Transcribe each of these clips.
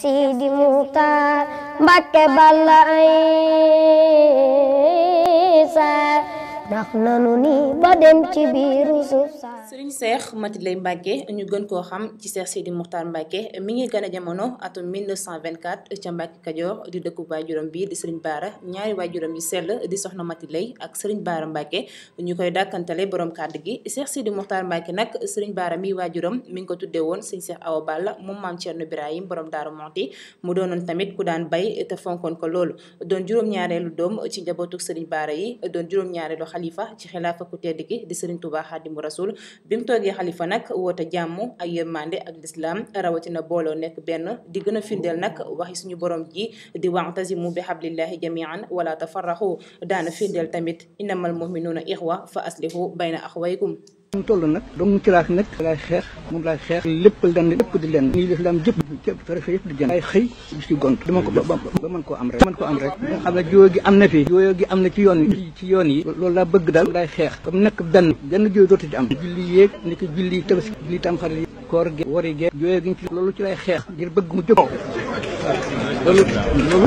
Sidi Muxtaar Mbakke Balla Isa ndax nanu ni ba dem ci biiru suuf sa sëriñ Cheikh Mati Lay ñu gën koo xam ci Cheikh Sidi Moukhtar Mbacke mi ngi gën a jamono atum 1924 ca Mbacke Kajoor di dëkku waajuram bi di sëriñ Baara ñaari waajuram yu sell di soxna Mati Lay ak sëriñ Baara Mbacke ñu koy dàkkantale borom kàddu gi Cheikh Sidi Moukhtar Mbacke nag sëriñ Baara mi waajuram mi ngi ko tuddee woon sëriñ Cheikh Awa Balla moom maam Thierno Birahim borom Daaru Monti mu doonoon tamit ku daan bay te fonkoon ko loolu doon juróom-ñaareelu doom ci njabootu sëriñ Baara yi doon juróom-ñaareelu xalifa ci a ku tedd di Serigne Touba Xaadimu Rasul bi mu toogee xalifa nag woote jàmm ak yërmande ak lislaam rawatina booloo nekk benn di gën a firndeel nag waxi suñu boroom ji di wa'tasimu bi hablillahi jamian wala tafarraxu daana firndeel tamit innamal muminuuna ixwa fa aslihu bayna axwaykum mu toll nag dong ci laa nag laay xeex moom laay xeex lépp lenn lépp di lenn nii lislaam jëpp jëpp tarafe yëpp di jënd ay xëy di ci gont ko ba ba mën koo am rek mën koo am rek nga xam ne jiwoo gi na fii jiwoo gi am na ci yoon yi ci yoon yi loolu laa bëgg daal laay xeex comme nekk benn benn jiw dootu ci am julli yéeg ni ki julli tabaski julli tam xarit koor gi wari gi jiwoo gi loolu ci lay xeex ngir bëgg mu jëpp loolu loolu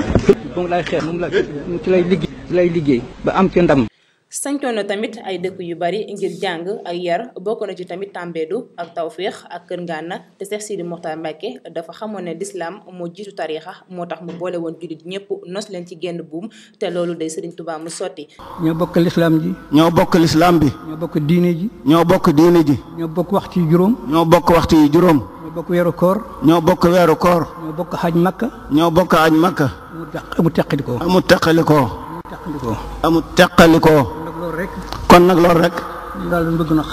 moom laay xeex mu laa ci lay liggéey lay liggéey ba am ci ndam sancoon na tamit ay dëkk yu bari ngir jàng ay yar bokk na ci tamit Tambédou ak Tawféex ak Kër Ngana te Seex Sidi Moxtaar Mbàkke dafa xamoon ne lislaam moo jiitu tariixa moo tax mu boole woon jullit ñëpp nos leen ci genn buum te loolu de Sëriñ Tuubaa mu sotti. ñoo bokk lislaam ji. ñoo bokk lislaam bi. ñoo bokk diine ji. ñoo bokk diine ji. ñoo bokk waxtu yu juróom. ñoo bokk waxtu yu juróom. ñoo bokk weeru koor. ñoo bokk weeru koor. ñoo bokk xaj makka. ñoo bokk xaj makka. amul teqalikoo. amul teqalikoo. amul teqalikoo. kon nag loolu rek loolu lañ bëgg na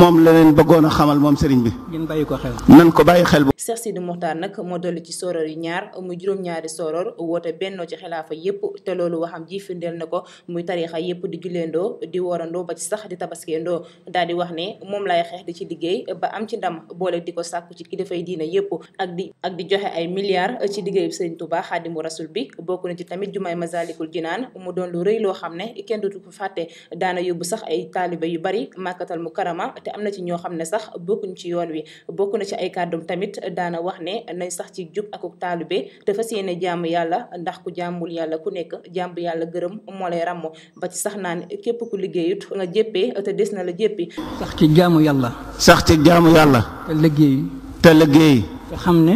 moom la leen bëggoon a xamal moom sëriñ bi. ngeen ko xel. nan ko bàyyi xel bu. Cheikh Sidi Mokhtar nag moo dolli ci soror yi ñaar muy juróom-ñaari soror woote bennoo ci xilaafa yépp te loolu waxam ji firndeel na ko muy tariixa yépp di julleendoo di woorandoo ba sax di tabaskeendoo daal di wax ne moom lay xeex di ci liggéey ba am ci ndam boole di ko sàkku ci kilifay diina yépp ak di ak di joxe ay milliards ci liggéey sëriñ Touba mu Rasul bi bokk na ci tamit jumaay Masaalikul Jinaan mu doon lu rëy loo xam ne kenn dootu fàtte daana yóbbu sax ay taalibe yu bari yi màkkatal mu karama te am na ci ñoo xam ne sax bokkuñ ci yoon wi bokk na ci ay kàddum tamit daana wax ne nañ sax ci jub akuk taalube te fas yéene jàmm yàlla ndax ku jàmmul yàlla ku nekk jàmm yàlla gërëm moo lay ràmm ba ci sax naan képp ku liggéeyut nga jéppee te des na la jéppi sax ci jaamu yàlla sax ci jaamu yàlla te liggéey te liggéey te xam ne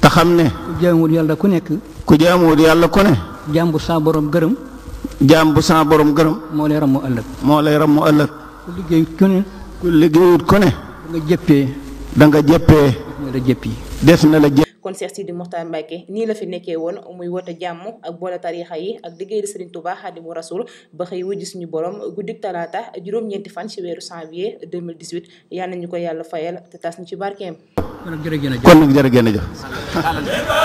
te xam ne ku jaamuwul yàlla ku nekk ku jaamuwul yàlla ne jàmm bu sa borom gërëm jàmm bu sa gërëm moo lay ràmmu ëllëg moo lay ràmmu ëllëg ku liggéeyut ku ne. ku liggéeyut ku ne. da nga jëppee. da nga na la jëpp yi. def na la jëpp. kon Cheikh Sidi Mokhtar Mbacke nii la fi nekkee woon muy wote jàmm ak boole tariixa yi ak liggéeyal Serigne Touba Xaadimu Rasul ba xëy wujj suñu borom guddik talaata juróom-ñeenti fan ci weeru janvier 2018 yal nañu ko yàlla fayal te tas ñu ci barkeem. kon nag jërë ngeen a jëf.